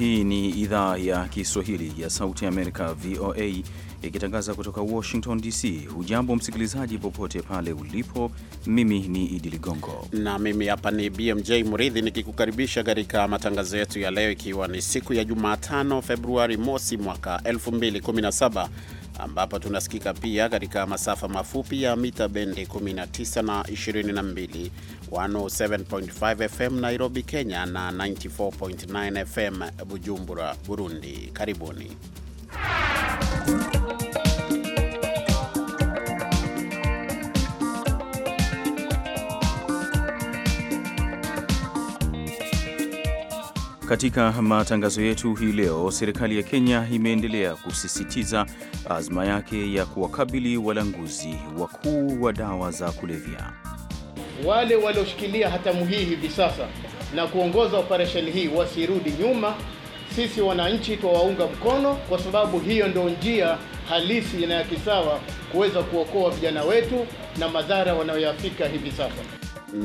Hii ni idhaa ya Kiswahili ya Sauti Amerika, VOA, ikitangaza kutoka Washington DC. Hujambo msikilizaji, popote pale ulipo. Mimi ni Idi Ligongo na mimi hapa ni BMJ mridhi nikikukaribisha katika matangazo yetu ya leo, ikiwa ni siku ya Jumatano, Februari mosi mwaka 2017 ambapo tunasikika pia katika masafa mafupi ya mita bendi 19 na 22, 107.5 FM Nairobi, Kenya na 94.9 FM Bujumbura, Burundi. Karibuni. Katika matangazo yetu hii leo, serikali ya Kenya imeendelea kusisitiza azma yake ya kuwakabili walanguzi wakuu wa dawa za kulevya. Wale walioshikilia hatamu hii hivi sasa na kuongoza operesheni hii wasirudi nyuma. Sisi wananchi twawaunga mkono, kwa sababu hiyo ndio njia halisi na ya kisawa kuweza kuokoa vijana wetu na madhara wanayoyafika hivi sasa.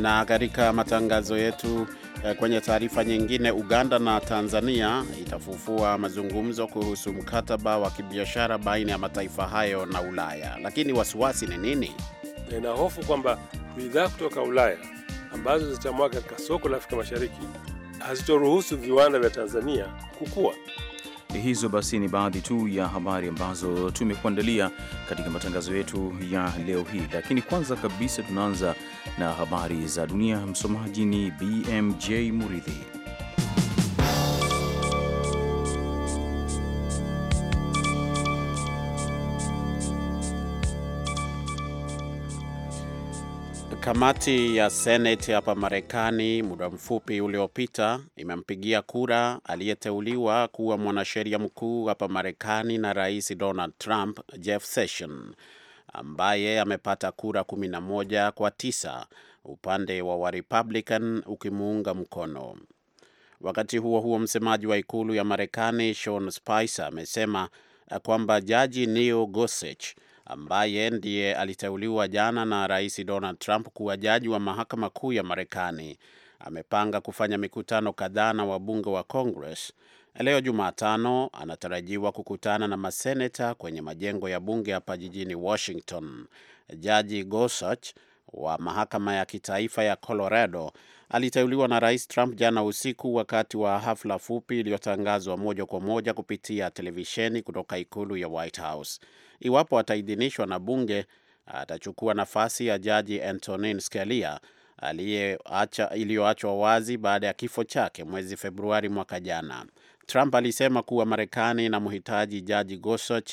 Na katika matangazo yetu Eh, kwenye taarifa nyingine, Uganda na Tanzania itafufua mazungumzo kuhusu mkataba wa kibiashara baina ya mataifa hayo na Ulaya. Lakini wasiwasi ni nini? Nina hofu kwamba bidhaa kutoka Ulaya ambazo zitamwaga katika soko la Afrika Mashariki hazitoruhusu viwanda vya Tanzania kukua. Hizo basi ni baadhi tu ya habari ambazo tumekuandalia katika matangazo yetu ya leo hii, lakini kwanza kabisa tunaanza na habari za dunia. Msomaji ni BMJ Muridhi. Kamati ya Seneti hapa Marekani muda mfupi uliopita imempigia kura aliyeteuliwa kuwa mwanasheria mkuu hapa Marekani na Rais Donald Trump, Jeff Sessions ambaye amepata kura 11 kwa tisa upande wa Warepublican ukimuunga mkono. Wakati huo huo, msemaji wa ikulu ya Marekani Sean Spicer amesema kwamba jaji Neil Gorsuch ambaye ndiye aliteuliwa jana na Rais Donald Trump kuwa jaji wa mahakama kuu ya Marekani amepanga kufanya mikutano kadhaa na wabunge wa Congress. Leo Jumatano anatarajiwa kukutana na maseneta kwenye majengo ya bunge hapa jijini Washington. Jaji Gorsuch wa mahakama ya kitaifa ya Colorado aliteuliwa na Rais Trump jana usiku wakati wa hafla fupi iliyotangazwa moja kwa moja kupitia televisheni kutoka ikulu ya White House iwapo ataidhinishwa na bunge, atachukua nafasi ya jaji Antonin Scalia iliyoachwa wazi baada ya kifo chake mwezi Februari mwaka jana. Trump alisema kuwa Marekani inamhitaji jaji Gorsuch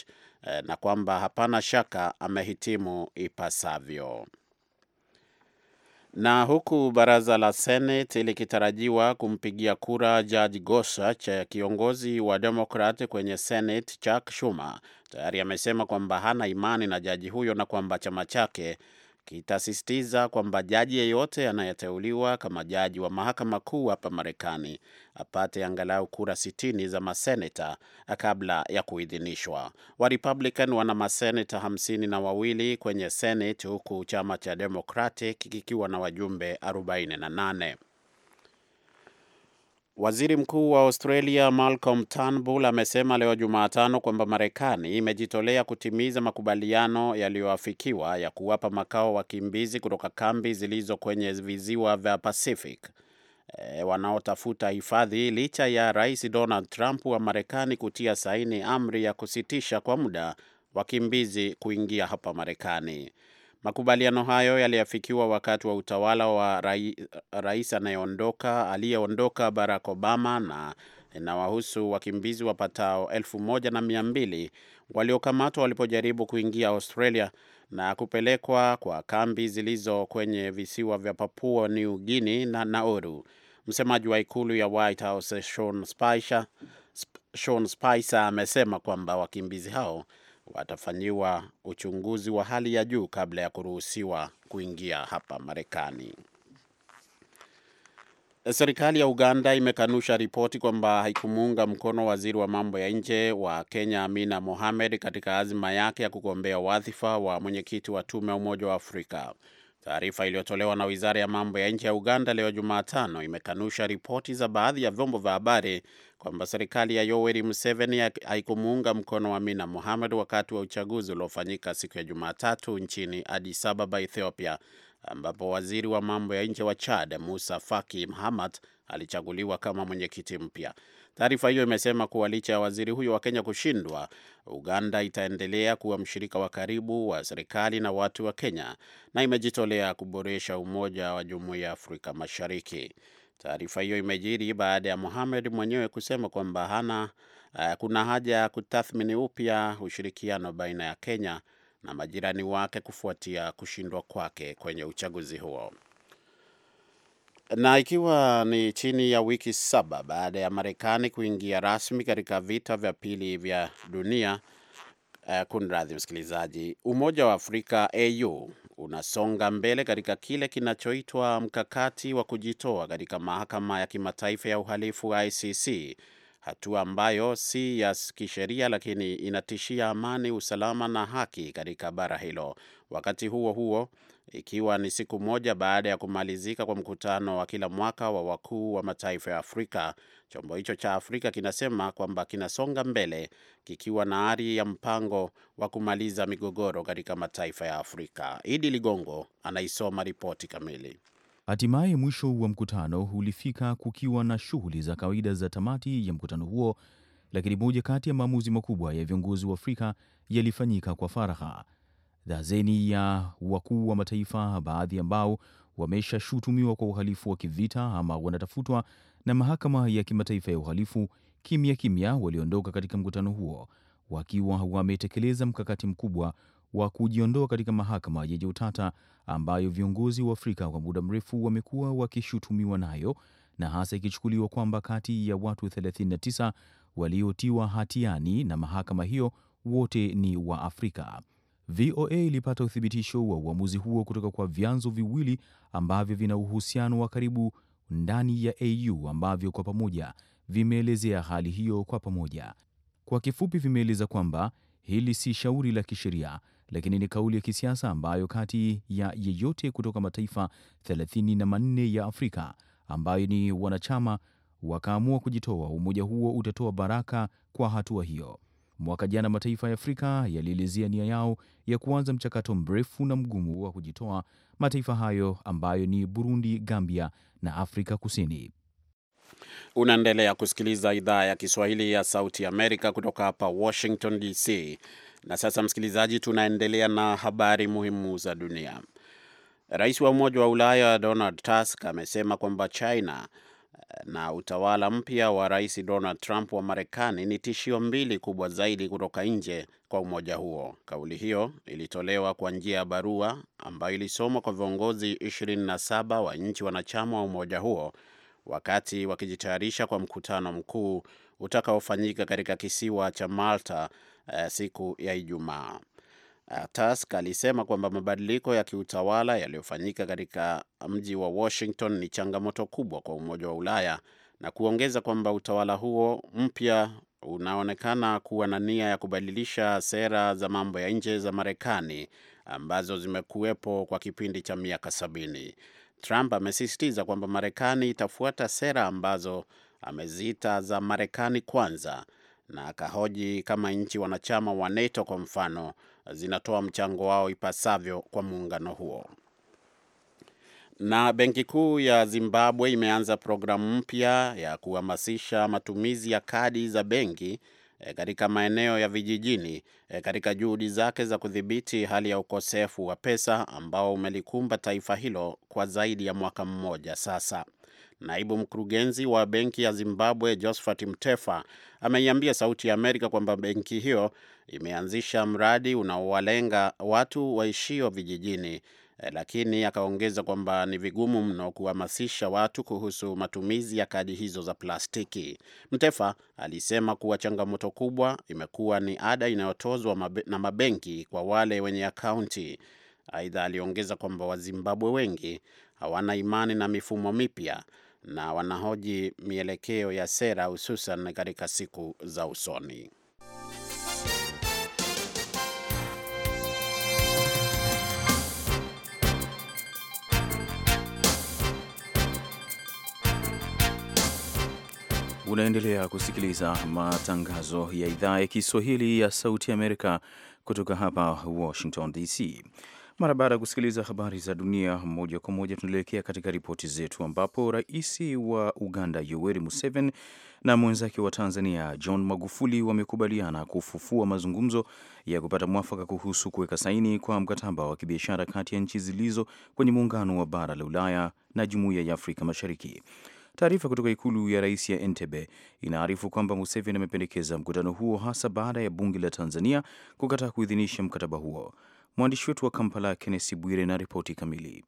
eh, na kwamba hapana shaka amehitimu ipasavyo. Na huku baraza la Senate likitarajiwa kumpigia kura Judge Gorsuch, kiongozi wa Demokrat kwenye Senate Chuck Schumer tayari amesema kwamba hana imani na jaji huyo na kwamba chama chake kitasisitiza kwamba jaji yeyote anayeteuliwa kama jaji wa mahakama kuu hapa Marekani apate angalau kura sitini za maseneta kabla ya kuidhinishwa. warpublican wana maseneta hamsini na wawili kwenye Senate, huku chama cha Democratic kikiwa na wajumbe 48. Waziri Mkuu wa Australia Malcolm Turnbull amesema leo Jumatano kwamba Marekani imejitolea kutimiza makubaliano yaliyoafikiwa ya kuwapa makao wakimbizi kutoka kambi zilizo kwenye viziwa vya Pacific e, wanaotafuta hifadhi licha ya Rais Donald Trump wa Marekani kutia saini amri ya kusitisha kwa muda wakimbizi kuingia hapa Marekani. Makubaliano hayo yaliafikiwa wakati wa utawala wa rais anayeondoka aliyeondoka Barack Obama na inawahusu wakimbizi wapatao elfu moja na mia mbili waliokamatwa walipojaribu kuingia Australia na kupelekwa kwa kambi zilizo kwenye visiwa vya Papua New Guinea na Nauru. Msemaji wa ikulu ya White House Sean Spicer amesema kwamba wakimbizi hao watafanyiwa uchunguzi wa hali ya juu kabla ya kuruhusiwa kuingia hapa Marekani. Serikali ya Uganda imekanusha ripoti kwamba haikumuunga mkono waziri wa mambo ya nje wa Kenya Amina Mohamed katika azima yake ya kugombea wadhifa wa mwenyekiti wa tume ya Umoja wa Afrika. Taarifa iliyotolewa na wizara ya mambo ya nje ya Uganda leo Jumatano imekanusha ripoti za baadhi ya vyombo vya habari kwamba serikali ya Yoweri Museveni haikumuunga mkono Amina Mohamed wakati wa uchaguzi uliofanyika siku ya Jumatatu nchini Addis Ababa, Ethiopia, ambapo waziri wa mambo ya nje wa Chad Musa Faki Mahamat alichaguliwa kama mwenyekiti mpya. Taarifa hiyo imesema kuwa licha ya waziri huyo wa Kenya kushindwa, Uganda itaendelea kuwa mshirika wa karibu wa serikali na watu wa Kenya na imejitolea kuboresha umoja wa jumuiya ya Afrika Mashariki. Taarifa hiyo imejiri baada ya Mohamed mwenyewe kusema kwamba hana uh, kuna haja ya kutathmini upya ushirikiano baina ya Kenya na majirani wake kufuatia kushindwa kwake kwenye uchaguzi huo. Na ikiwa ni chini ya wiki saba baada ya Marekani kuingia rasmi katika vita vya pili vya dunia, uh, kunradhi msikilizaji, Umoja wa Afrika AU unasonga mbele katika kile kinachoitwa mkakati wa kujitoa katika mahakama ya kimataifa ya uhalifu ICC, hatua ambayo si ya kisheria lakini inatishia amani, usalama na haki katika bara hilo. Wakati huo huo, ikiwa ni siku moja baada ya kumalizika kwa mkutano wa kila mwaka wa wakuu wa mataifa ya Afrika. Chombo hicho cha Afrika kinasema kwamba kinasonga mbele kikiwa na ari ya mpango wa kumaliza migogoro katika mataifa ya Afrika. Idi Ligongo anaisoma ripoti kamili. Hatimaye mwisho wa mkutano ulifika kukiwa na shughuli za kawaida za tamati ya mkutano huo, lakini moja kati ya maamuzi makubwa ya viongozi wa Afrika yalifanyika kwa faraha. Dazeni ya wakuu wa mataifa, baadhi ambao wameshashutumiwa kwa uhalifu wa kivita ama wanatafutwa na Mahakama ya Kimataifa ya Uhalifu, kimya kimya waliondoka katika mkutano huo wakiwa wametekeleza mkakati mkubwa wa kujiondoa katika mahakama yenye utata ambayo viongozi wa Afrika kwa muda mrefu wamekuwa wakishutumiwa nayo, na hasa ikichukuliwa kwamba kati ya watu 39 waliotiwa hatiani na mahakama hiyo wote ni wa afrika VOA ilipata uthibitisho wa uamuzi huo kutoka kwa vyanzo viwili ambavyo vina uhusiano wa karibu ndani ya AU ambavyo kwa pamoja vimeelezea hali hiyo kwa pamoja. Kwa kifupi, vimeeleza kwamba hili si shauri la kisheria, lakini ni kauli ya kisiasa ambayo kati ya yeyote kutoka mataifa 34 ya Afrika ambayo ni wanachama wakaamua kujitoa, umoja huo utatoa baraka kwa hatua hiyo. Mwaka jana mataifa ya Afrika yalielezea nia yao ya kuanza mchakato mrefu na mgumu wa kujitoa, mataifa hayo ambayo ni Burundi, Gambia na Afrika Kusini. Unaendelea kusikiliza idhaa ya Kiswahili ya Sauti Amerika kutoka hapa Washington DC. Na sasa, msikilizaji, tunaendelea na habari muhimu za dunia. Rais wa Umoja wa Ulaya Donald Tusk amesema kwamba China na utawala mpya wa Rais Donald Trump wa Marekani ni tishio mbili kubwa zaidi kutoka nje kwa umoja huo. Kauli hiyo ilitolewa kwa njia ya barua ambayo ilisomwa kwa viongozi 27 wa nchi wanachama wa umoja huo wakati wakijitayarisha kwa mkutano mkuu utakaofanyika katika kisiwa cha Malta eh, siku ya Ijumaa. Uh, Tusk alisema kwamba mabadiliko ya kiutawala yaliyofanyika katika mji wa Washington ni changamoto kubwa kwa Umoja wa Ulaya na kuongeza kwamba utawala huo mpya unaonekana kuwa na nia ya kubadilisha sera za mambo ya nje za Marekani ambazo zimekuwepo kwa kipindi cha miaka sabini. Trump amesisitiza kwamba Marekani itafuata sera ambazo ameziita za Marekani kwanza na akahoji kama nchi wanachama wa NATO kwa mfano zinatoa mchango wao ipasavyo kwa muungano huo. Na benki kuu ya Zimbabwe imeanza programu mpya ya kuhamasisha matumizi ya kadi za benki eh, katika maeneo ya vijijini eh, katika juhudi zake za kudhibiti hali ya ukosefu wa pesa ambao umelikumba taifa hilo kwa zaidi ya mwaka mmoja sasa. Naibu mkurugenzi wa benki ya Zimbabwe Josphat Mtefa ameiambia Sauti ya Amerika kwamba benki hiyo imeanzisha mradi unaowalenga watu waishio vijijini, eh, lakini akaongeza kwamba ni vigumu mno kuhamasisha watu kuhusu matumizi ya kadi hizo za plastiki. Mtefa alisema kuwa changamoto kubwa imekuwa ni ada inayotozwa na mabenki kwa wale wenye akaunti. Aidha, aliongeza kwamba Wazimbabwe wengi hawana imani na mifumo mipya na wanahoji mielekeo ya sera hususan katika siku za usoni. Unaendelea kusikiliza matangazo ya idhaa ya Kiswahili ya Sauti Amerika kutoka hapa Washington DC. Mara baada ya kusikiliza habari za dunia moja kwa moja, tunaelekea katika ripoti zetu, ambapo rais wa Uganda Yoweri Museveni na mwenzake wa Tanzania John Magufuli wamekubaliana kufufua mazungumzo ya kupata mwafaka kuhusu kuweka saini kwa mkataba wa kibiashara kati ya nchi zilizo kwenye muungano wa bara la Ulaya na jumuiya ya Afrika Mashariki. Taarifa kutoka ikulu ya rais ya Entebbe inaarifu kwamba Museveni amependekeza mkutano huo hasa baada ya bunge la Tanzania kukataa kuidhinisha mkataba huo. Mwandishi wetu wa Kampala, Kennesi Bwire, na ripoti kamili.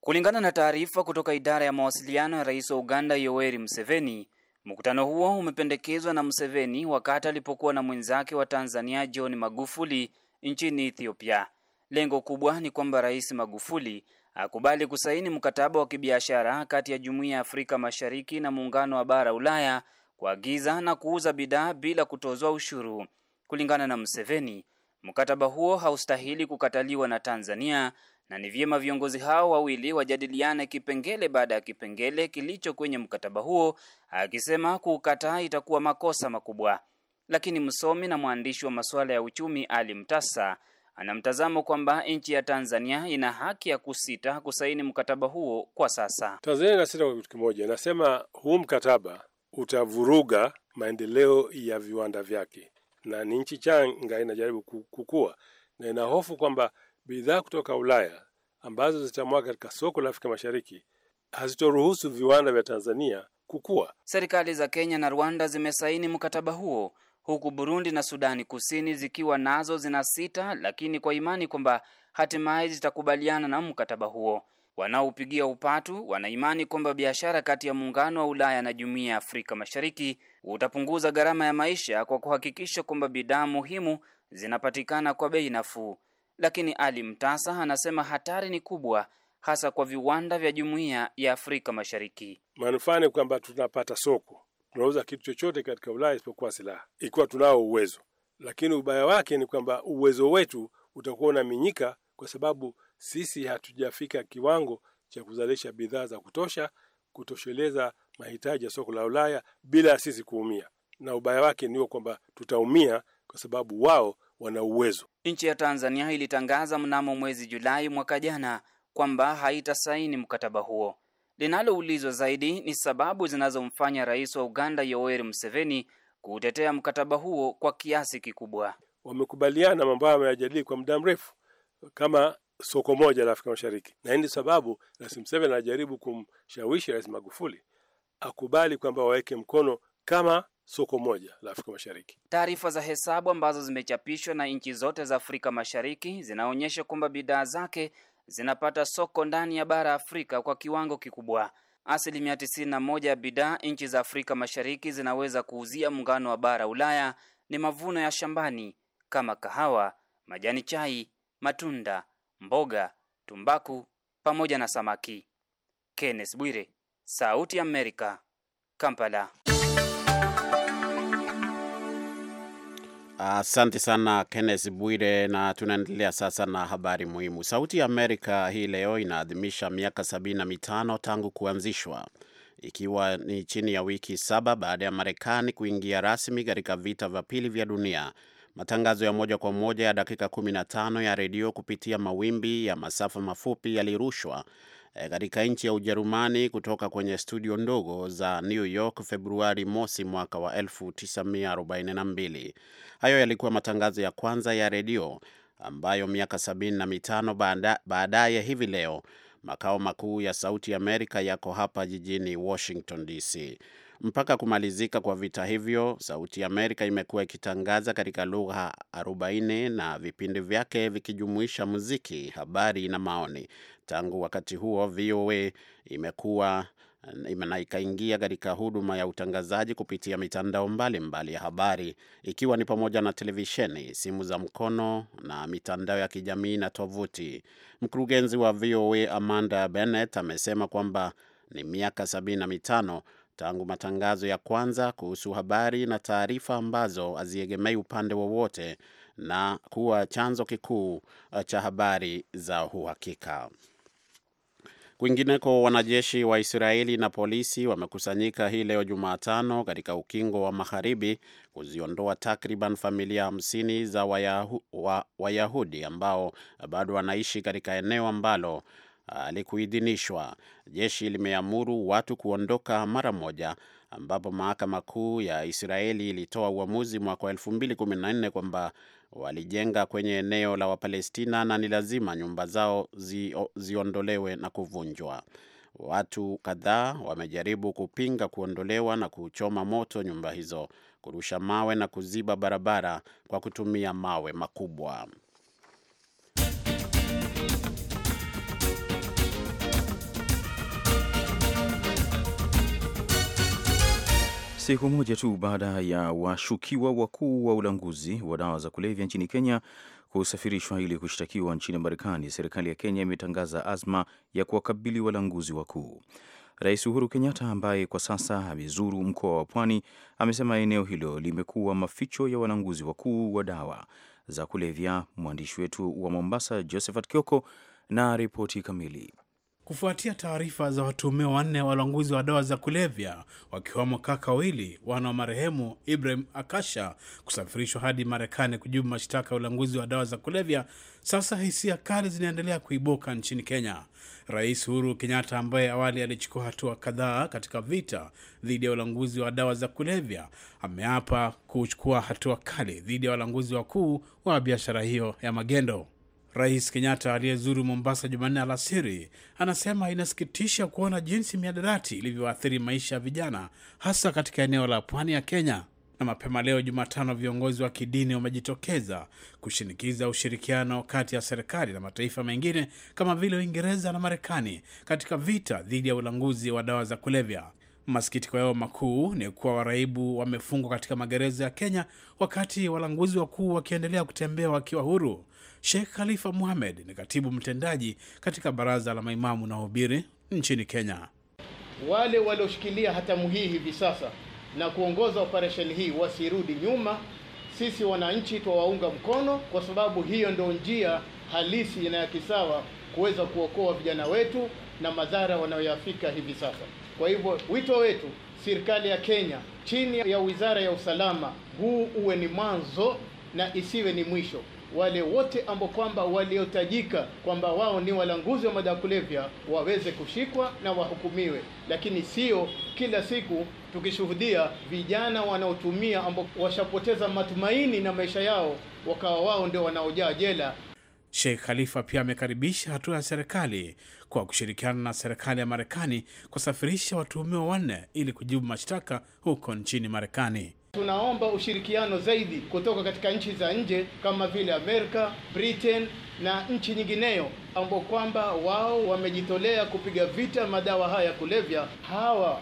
Kulingana na taarifa kutoka idara ya mawasiliano ya rais wa Uganda Yoweri Museveni, mkutano huo umependekezwa na Museveni wakati alipokuwa na mwenzake wa Tanzania John Magufuli nchini Ethiopia. Lengo kubwa ni kwamba Rais Magufuli akubali kusaini mkataba wa kibiashara kati ya Jumuiya ya Afrika Mashariki na Muungano wa Bara Ulaya kuagiza na kuuza bidhaa bila kutozwa ushuru. Kulingana na Museveni, Mkataba huo haustahili kukataliwa na Tanzania na ni vyema viongozi hao wawili wajadiliane kipengele baada ya kipengele kilicho kwenye mkataba huo, akisema kuukataa itakuwa makosa makubwa. Lakini msomi na mwandishi wa masuala ya uchumi Ali Mtasa ana mtazamo kwamba nchi ya Tanzania ina haki ya kusita kusaini mkataba huo kwa sasa. Tanzania inasita kwa kitu kimoja, inasema huu mkataba utavuruga maendeleo ya viwanda vyake na ni nchi changa inajaribu kukua na ina hofu kwamba bidhaa kutoka Ulaya ambazo zitamwaga katika soko la Afrika Mashariki hazitoruhusu viwanda vya Tanzania kukua. Serikali za Kenya na Rwanda zimesaini mkataba huo huku Burundi na Sudani Kusini zikiwa nazo zina sita, lakini kwa imani kwamba hatimaye zitakubaliana na mkataba huo wanaoupigia upatu wanaimani kwamba biashara kati ya muungano wa Ulaya na jumuiya ya Afrika Mashariki utapunguza gharama ya maisha kwa kuhakikisha kwamba bidhaa muhimu zinapatikana kwa bei nafuu. Lakini Ali Mtasa anasema hatari ni kubwa, hasa kwa viwanda vya jumuiya ya Afrika Mashariki. Manufaa ni kwamba tunapata soko, tunauza kitu chochote katika Ulaya isipokuwa silaha, ikiwa tunao uwezo. Lakini ubaya wake ni kwamba uwezo wetu utakuwa unaminyika kwa sababu sisi hatujafika kiwango cha kuzalisha bidhaa za kutosha kutosheleza mahitaji ya soko la Ulaya bila sisi kuumia, na ubaya wake ndio kwamba tutaumia kwa sababu wao wana uwezo. Nchi ya Tanzania ilitangaza mnamo mwezi Julai mwaka jana kwamba haitasaini mkataba huo. Linaloulizwa zaidi ni sababu zinazomfanya rais wa Uganda Yoweri Museveni kutetea mkataba huo kwa kiasi kikubwa. Wamekubaliana mambo hayo, wameyajadili kwa muda mrefu, kama soko moja la Afrika Mashariki, na hii ndio sababu Rais Museveni anajaribu kumshawishi Rais Magufuli akubali kwamba waweke mkono kama soko moja la Afrika Mashariki. Taarifa za hesabu ambazo zimechapishwa na nchi zote za Afrika Mashariki zinaonyesha kwamba bidhaa zake zinapata soko ndani ya bara Afrika kwa kiwango kikubwa. Asilimia 91 ya bidhaa nchi za Afrika Mashariki zinaweza kuuzia muungano wa bara Ulaya ni mavuno ya shambani kama kahawa, majani chai, matunda mboga, tumbaku pamoja na samaki. Kenneth Bwire, Sauti ya Amerika, Kampala. Asante uh, sana Kenneth Bwire, na tunaendelea sasa na habari muhimu. Sauti ya Amerika hii leo inaadhimisha miaka sabini na mitano tangu kuanzishwa, ikiwa ni chini ya wiki saba baada ya Marekani kuingia rasmi katika vita vya pili vya dunia Matangazo ya moja kwa moja ya dakika 15 ya redio kupitia mawimbi ya masafa mafupi yalirushwa eh, katika nchi ya Ujerumani kutoka kwenye studio ndogo za New York Februari mosi mwaka wa 1942. Hayo yalikuwa matangazo ya kwanza ya redio ambayo miaka 75 baadaye baada hivi leo makao makuu ya Sauti Amerika yako hapa jijini Washington DC. Mpaka kumalizika kwa vita hivyo, Sauti ya Amerika imekuwa ikitangaza katika lugha 40 na vipindi vyake vikijumuisha muziki, habari na maoni. Tangu wakati huo, VOA imekuwa na ikaingia katika huduma ya utangazaji kupitia mitandao mbalimbali ya habari ikiwa ni pamoja na televisheni, simu za mkono na mitandao ya kijamii na tovuti. Mkurugenzi wa VOA Amanda Bennett amesema kwamba ni miaka 75 tangu matangazo ya kwanza kuhusu habari na taarifa ambazo haziegemei upande wowote na kuwa chanzo kikuu eh, cha habari za uhakika. Kwingineko, wanajeshi wa Israeli na polisi wamekusanyika hii leo Jumatano katika ukingo wa magharibi kuziondoa takriban familia hamsini za Wayahudi wa, Wayahudi ambao bado wanaishi katika eneo ambalo alikuidhinishwa. Ah, Jeshi limeamuru watu kuondoka mara moja, ambapo mahakama kuu ya Israeli ilitoa uamuzi mwaka wa 2014 kwamba walijenga kwenye eneo la Wapalestina na ni lazima nyumba zao ziondolewe na kuvunjwa. Watu kadhaa wamejaribu kupinga kuondolewa na kuchoma moto nyumba hizo, kurusha mawe na kuziba barabara kwa kutumia mawe makubwa. Siku moja tu baada ya washukiwa wakuu wa ulanguzi wa dawa za kulevya nchini Kenya kusafirishwa ili kushtakiwa nchini Marekani, serikali ya Kenya imetangaza azma ya kuwakabili walanguzi wakuu. Rais Uhuru Kenyatta, ambaye kwa sasa amezuru mkoa wa Pwani, amesema eneo hilo limekuwa maficho ya walanguzi wakuu wa dawa za kulevya. Mwandishi wetu wa Mombasa, Josephat Kioko, na ripoti kamili. Kufuatia taarifa za watuhumiwa wanne walanguzi wa dawa za kulevya wakiwamo kaka wawili wana wa marehemu Ibrahim Akasha kusafirishwa hadi Marekani kujibu mashtaka ya ulanguzi wa dawa za kulevya, sasa hisia kali zinaendelea kuibuka nchini Kenya. Rais Uhuru Kenyatta, ambaye awali alichukua hatua kadhaa katika vita dhidi ya ulanguzi wa dawa za kulevya, ameapa kuchukua hatua kali dhidi ya walanguzi wakuu wa biashara hiyo ya magendo. Rais Kenyatta aliyezuru Mombasa Jumanne alasiri anasema inasikitisha kuona jinsi miadarati ilivyoathiri maisha ya vijana hasa katika eneo la pwani ya Kenya. Na mapema leo Jumatano, viongozi wa kidini wamejitokeza kushinikiza ushirikiano kati ya serikali na mataifa mengine kama vile Uingereza na Marekani katika vita dhidi ya ulanguzi wa dawa za kulevya. Masikitiko yao makuu ni kuwa waraibu wamefungwa katika magereza ya Kenya, wakati walanguzi wakuu wakiendelea kutembea wakiwa huru. Sheikh Khalifa Muhamed ni katibu mtendaji katika baraza la maimamu na wahubiri nchini Kenya. Wale walioshikilia hatamu hii hivi sasa na kuongoza operesheni hii wasirudi nyuma. Sisi wananchi twawaunga mkono, kwa sababu hiyo ndio njia halisi na ya kisawa kuweza kuokoa vijana wetu na madhara wanayoyafika hivi sasa. Kwa hivyo wito wetu, serikali ya Kenya chini ya wizara ya usalama, huu uwe ni mwanzo na isiwe ni mwisho wale wote ambao kwamba waliotajika kwamba wao ni walanguzi wa madawa kulevya waweze kushikwa na wahukumiwe, lakini sio kila siku tukishuhudia vijana wanaotumia ambao washapoteza matumaini na maisha yao wakawa wao ndio wanaojaa jela. Sheikh Khalifa pia amekaribisha hatua ya serikali kwa kushirikiana na serikali ya Marekani kusafirisha watuhumiwa wanne ili kujibu mashtaka huko nchini Marekani. Tunaomba ushirikiano zaidi kutoka katika nchi za nje kama vile Amerika, Britain na nchi nyingineyo ambao kwamba wao wamejitolea kupiga vita madawa haya ya kulevya. Hawa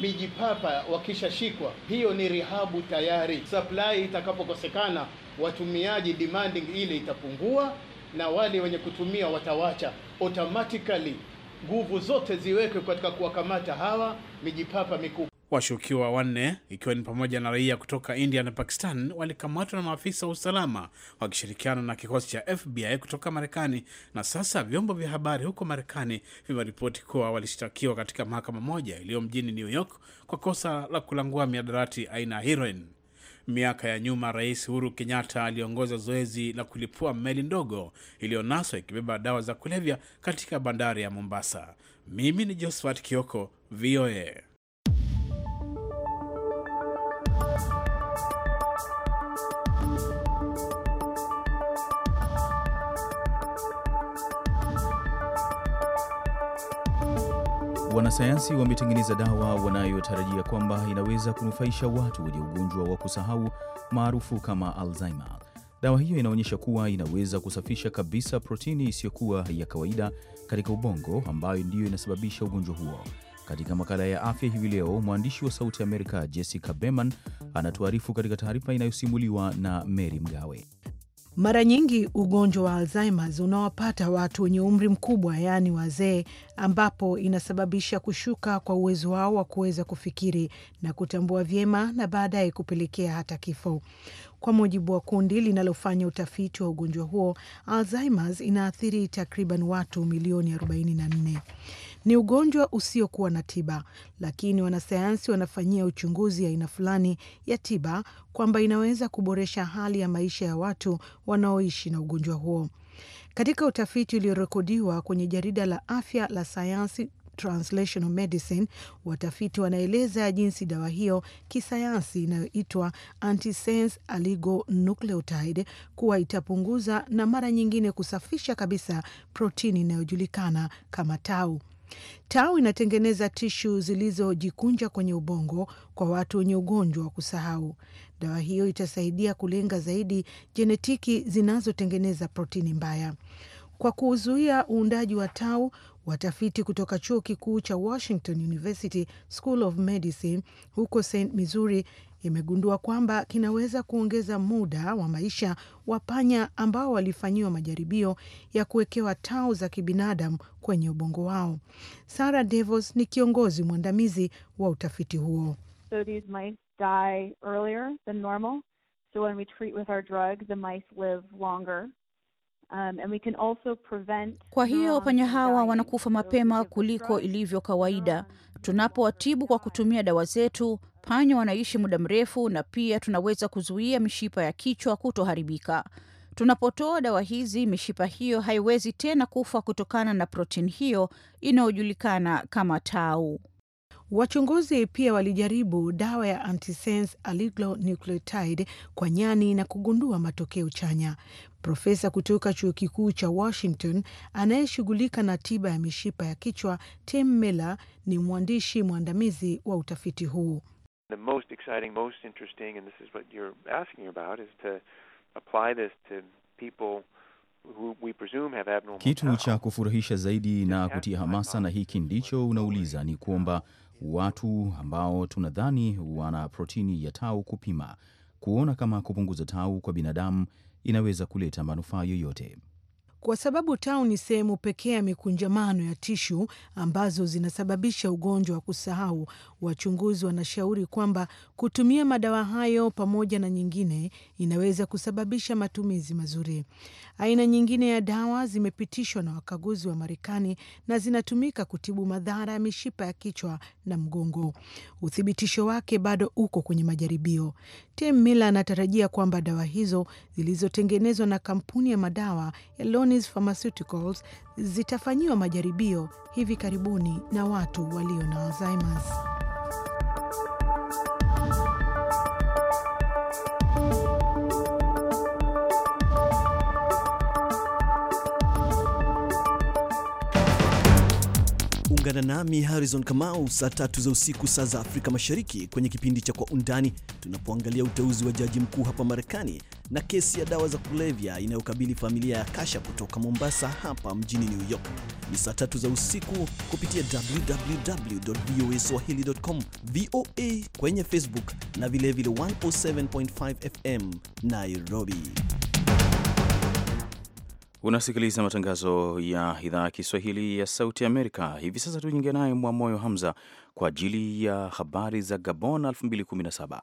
mijipapa wakishashikwa, hiyo ni rihabu tayari. Supply itakapokosekana, watumiaji demanding ile itapungua, na wale wenye kutumia watawacha automatically. Nguvu zote ziwekwe katika kuwakamata hawa mijipapa mikubwa. Washukiwa wanne ikiwa ni pamoja na raia kutoka India na Pakistan walikamatwa na maafisa wa usalama wakishirikiana na kikosi cha FBI kutoka Marekani, na sasa vyombo vya habari huko Marekani vimeripoti kuwa walishtakiwa katika mahakama moja iliyo mjini New York kwa kosa la kulangua miadarati aina ya heroin. Miaka ya nyuma Rais Uhuru Kenyatta aliongoza zoezi la kulipua meli ndogo iliyonaswa ikibeba dawa za kulevya katika bandari ya Mombasa. Mimi ni Josephat Kioko, VOA. Wanasayansi wametengeneza dawa wanayotarajia kwamba inaweza kunufaisha watu wenye ugonjwa wa kusahau maarufu kama Alzheimer. Dawa hiyo inaonyesha kuwa inaweza kusafisha kabisa protini isiyokuwa ya kawaida katika ubongo ambayo ndiyo inasababisha ugonjwa huo. Katika makala ya afya hivi leo, mwandishi wa Sauti Amerika Jessica Berman anatuarifu katika taarifa inayosimuliwa na Mary Mgawe. Mara nyingi ugonjwa wa Alzheimers unawapata watu wenye umri mkubwa, yaani wazee, ambapo inasababisha kushuka kwa uwezo wao wa kuweza kufikiri na kutambua vyema na baadaye kupelekea hata kifo. Kwa mujibu wa kundi linalofanya utafiti wa ugonjwa huo, Alzheimers inaathiri takriban watu milioni 44. Ni ugonjwa usiokuwa na tiba, lakini wanasayansi wanafanyia uchunguzi aina fulani ya tiba kwamba inaweza kuboresha hali ya maisha ya watu wanaoishi na ugonjwa huo. Katika utafiti uliorekodiwa kwenye jarida la afya la Science Translational Medicine, watafiti wanaeleza jinsi dawa hiyo kisayansi inayoitwa antisense oligonucleotide kuwa itapunguza na mara nyingine kusafisha kabisa protini inayojulikana kama tau. Tau inatengeneza tishu zilizojikunja kwenye ubongo kwa watu wenye ugonjwa wa kusahau. Dawa hiyo itasaidia kulenga zaidi jenetiki zinazotengeneza protini mbaya kwa kuzuia uundaji wa tau. Watafiti kutoka chuo kikuu cha Washington University School of Medicine huko St. Missouri imegundua kwamba kinaweza kuongeza muda wa maisha wa panya ambao walifanyiwa majaribio ya kuwekewa tau za kibinadamu kwenye ubongo wao. Sarah Devos ni kiongozi mwandamizi wa utafiti huo. So these mice die earlier than normal. So when we treat with our drug, the mice live longer. Um, kwa hiyo panya um, hawa wanakufa mapema kuliko ilivyo kawaida. Tunapowatibu kwa kutumia dawa zetu, panya wanaishi muda mrefu, na pia tunaweza kuzuia mishipa ya kichwa kutoharibika. Tunapotoa dawa hizi, mishipa hiyo haiwezi tena kufa kutokana na protini hiyo inayojulikana kama tau. Wachunguzi pia walijaribu dawa ya antisense oligonucleotide kwa nyani na kugundua matokeo chanya. Profesa kutoka chuo kikuu cha Washington anayeshughulika na tiba ya mishipa ya kichwa Tim Miller ni mwandishi mwandamizi wa utafiti huu. The most exciting, most interesting, and this is what you're asking about, is to apply this to people kitu cha kufurahisha zaidi na kutia hamasa, na hiki ndicho unauliza, ni kwamba watu ambao tunadhani wana protini ya tau kupima kuona kama kupunguza tau kwa binadamu inaweza kuleta manufaa yoyote kwa sababu tau ni sehemu pekee ya mikunjamano ya tishu ambazo zinasababisha ugonjwa wa kusahau. Wachunguzi wanashauri kwamba kutumia madawa hayo pamoja na nyingine inaweza kusababisha matumizi mazuri. Aina nyingine ya dawa zimepitishwa na wakaguzi wa Marekani na zinatumika kutibu madhara ya mishipa ya kichwa na mgongo. Uthibitisho wake bado uko kwenye majaribio. Tim Miller anatarajia kwamba dawa hizo zilizotengenezwa na kampuni ya madawa ya Novartis Pharmaceuticals zitafanyiwa majaribio hivi karibuni na watu walio na Alzheimer's. Ungana nami Harrison Kamau saa tatu za usiku saa za Afrika Mashariki kwenye kipindi cha Kwa Undani tunapoangalia uteuzi wa jaji mkuu hapa Marekani na kesi ya dawa za kulevya inayokabili familia ya Kasha kutoka Mombasa hapa mjini New York. Ni saa tatu za usiku kupitia www.voaswahili.com, VOA kwenye Facebook na vilevile 107.5 FM Nairobi. Unasikiliza matangazo ya idhaa ya Kiswahili ya Sauti Amerika. Hivi sasa tujiunge naye Mwamoyo Hamza kwa ajili ya habari za Gabon 2017.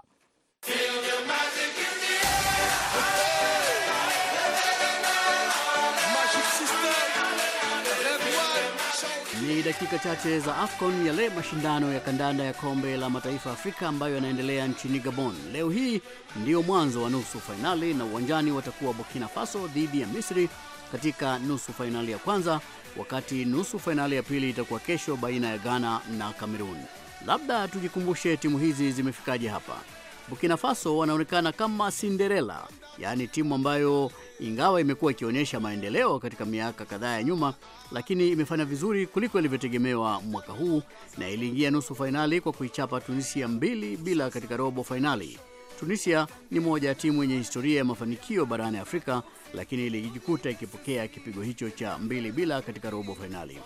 Ni dakika chache za AFCON, yale mashindano ya kandanda ya kombe la mataifa Afrika ambayo yanaendelea nchini Gabon. Leo hii ndiyo mwanzo wa nusu fainali, na uwanjani watakuwa Burkina Faso dhidi ya Misri katika nusu fainali ya kwanza, wakati nusu fainali ya pili itakuwa kesho baina ya Ghana na Kamerun. Labda tujikumbushe timu hizi zimefikaje hapa. Burkina Faso wanaonekana kama Cinderella, yaani timu ambayo ingawa imekuwa ikionyesha maendeleo katika miaka kadhaa ya nyuma, lakini imefanya vizuri kuliko ilivyotegemewa mwaka huu na iliingia nusu fainali kwa kuichapa Tunisia mbili bila katika robo fainali. Tunisia ni moja ya timu yenye historia ya mafanikio barani Afrika, lakini ilijikuta ikipokea kipigo hicho cha mbili bila katika robo fainali.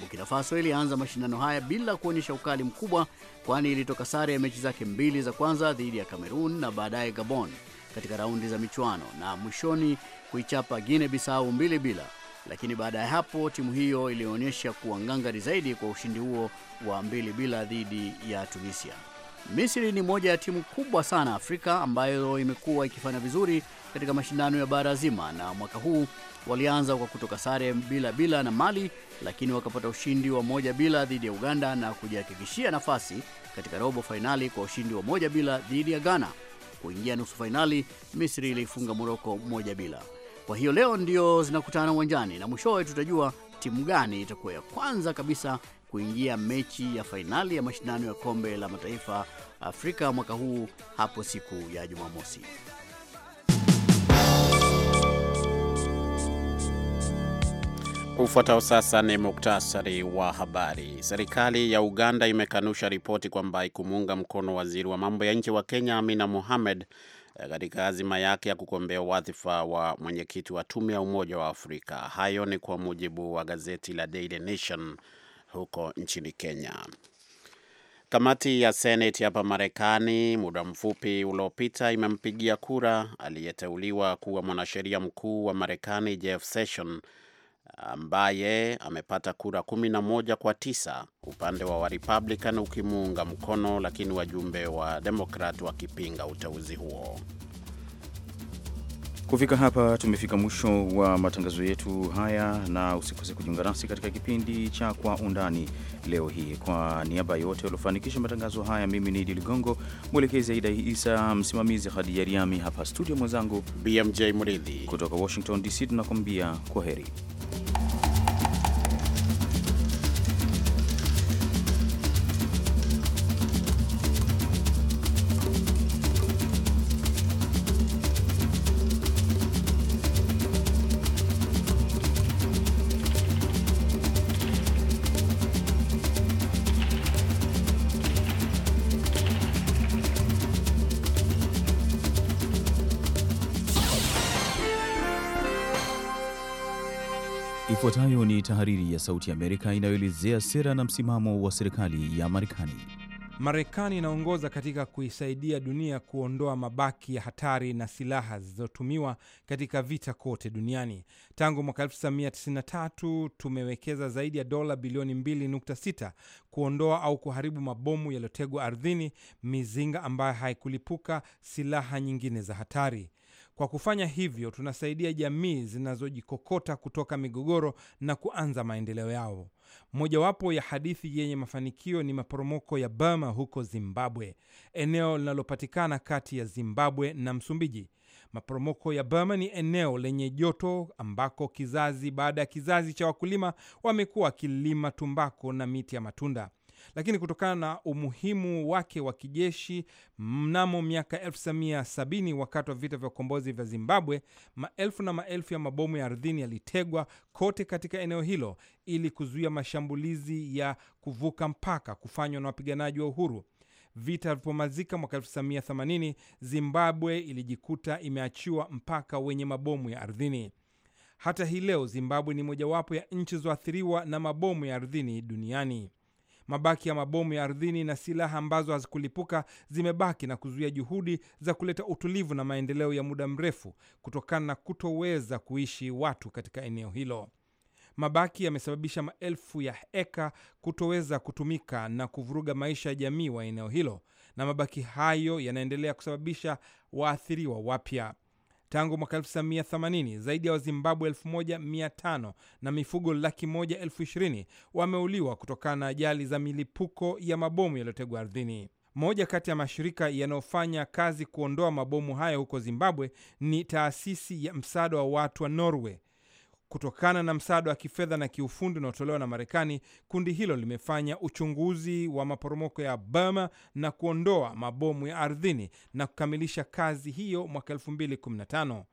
Burkina Faso ilianza mashindano haya bila kuonyesha ukali mkubwa, kwani ilitoka sare ya mechi zake mbili za kwanza dhidi ya Cameroon na baadaye Gabon katika raundi za michuano na mwishoni kuichapa Guinea Bissau mbili bila. Lakini baada ya hapo timu hiyo ilionyesha kuwa ngangari zaidi kwa ushindi huo wa mbili bila dhidi ya Tunisia. Misri ni moja ya timu kubwa sana Afrika ambayo imekuwa ikifanya vizuri katika mashindano ya bara zima, na mwaka huu walianza kwa kutoka sare bila bila na Mali, lakini wakapata ushindi wa moja bila dhidi ya Uganda na kujihakikishia nafasi katika robo fainali kwa ushindi wa moja bila dhidi ya Ghana. Kuingia nusu fainali, Misri iliifunga Moroko moja bila. Kwa hiyo leo ndio zinakutana uwanjani na mwishowe tutajua timu gani itakuwa ya kwanza kabisa kuingia mechi ya fainali ya mashindano ya kombe la mataifa Afrika mwaka huu hapo siku ya Jumamosi. Ufuatao sasa ni muktasari wa habari. Serikali ya Uganda imekanusha ripoti kwamba ikumuunga mkono waziri wa mambo ya nje wa Kenya Amina Mohamed katika azima yake ya kugombea wadhifa wa mwenyekiti wa tume ya Umoja wa Afrika. Hayo ni kwa mujibu wa gazeti la Daily Nation huko nchini Kenya. Kamati ya Seneti hapa Marekani muda mfupi uliopita imempigia kura aliyeteuliwa kuwa mwanasheria mkuu wa Marekani Jeff Sessions ambaye amepata kura 11 kwa tisa, upande wa Warepublican ukimuunga mkono, lakini wajumbe wa Demokrat wakipinga uteuzi huo. Kufika hapa tumefika mwisho wa matangazo yetu haya, na usikose kujiunga nasi katika kipindi cha Kwa Undani leo hii. Kwa niaba ya wote waliofanikisha matangazo haya, mimi ni Idi Ligongo, mwelekezi Aida Isa, msimamizi khadija Riami, hapa studio mwenzangu BMJ Mridhi kutoka Washington DC, tunakuambia kwa heri. ya Sauti ya Amerika inayoelezea sera na msimamo wa serikali ya Marekani. Marekani inaongoza katika kuisaidia dunia kuondoa mabaki ya hatari na silaha zilizotumiwa katika vita kote duniani. Tangu mwaka 1993 tumewekeza zaidi ya dola bilioni 2.6 kuondoa au kuharibu mabomu yaliyotegwa ardhini, mizinga ambayo haikulipuka, silaha nyingine za hatari. Kwa kufanya hivyo, tunasaidia jamii zinazojikokota kutoka migogoro na kuanza maendeleo yao. Mojawapo ya hadithi yenye mafanikio ni maporomoko ya Burma huko Zimbabwe, eneo linalopatikana kati ya Zimbabwe na Msumbiji. Maporomoko ya Burma ni eneo lenye joto ambako kizazi baada ya kizazi cha wakulima wamekuwa wakilima tumbako na miti ya matunda lakini kutokana na umuhimu wake wa kijeshi, mnamo miaka 1970 wakati wa vita vya ukombozi vya Zimbabwe, maelfu na maelfu ya mabomu ya ardhini yalitegwa kote katika eneo hilo ili kuzuia mashambulizi ya kuvuka mpaka kufanywa na wapiganaji wa uhuru. Vita vilipomalizika mwaka 1980, Zimbabwe ilijikuta imeachiwa mpaka wenye mabomu ya ardhini. Hata hii leo Zimbabwe ni mojawapo ya nchi zoathiriwa na mabomu ya ardhini duniani. Mabaki ya mabomu ya ardhini na silaha ambazo hazikulipuka zimebaki na kuzuia juhudi za kuleta utulivu na maendeleo ya muda mrefu kutokana na kutoweza kuishi watu katika eneo hilo. Mabaki yamesababisha maelfu ya eka kutoweza kutumika na kuvuruga maisha ya jamii wa eneo hilo, na mabaki hayo yanaendelea kusababisha waathiriwa wapya. Tangu mwaka 1980 zaidi ya Wazimbabwe 1500 na mifugo laki moja elfu ishirini wameuliwa kutokana na ajali za milipuko ya mabomu yaliyotegwa ardhini. Moja kati ya mashirika yanayofanya kazi kuondoa mabomu hayo huko Zimbabwe ni taasisi ya msaada wa watu wa Norway Kutokana na msaada wa kifedha na kiufundi unaotolewa na Marekani, kundi hilo limefanya uchunguzi wa maporomoko ya Burma na kuondoa mabomu ya ardhini na kukamilisha kazi hiyo mwaka 2015.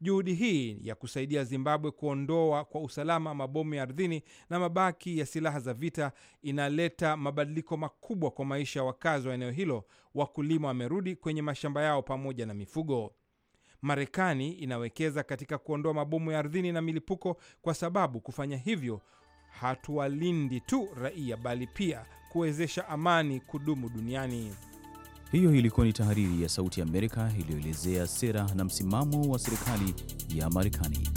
Juhudi hii ya kusaidia Zimbabwe kuondoa kwa usalama mabomu ya ardhini na mabaki ya silaha za vita inaleta mabadiliko makubwa kwa maisha ya wakazi wa eneo hilo. Wakulima wamerudi kwenye mashamba yao pamoja na mifugo. Marekani inawekeza katika kuondoa mabomu ya ardhini na milipuko, kwa sababu kufanya hivyo hatuwalindi tu raia, bali pia kuwezesha amani kudumu duniani. Hiyo ilikuwa ni tahariri ya Sauti ya Amerika iliyoelezea sera na msimamo wa serikali ya Marekani.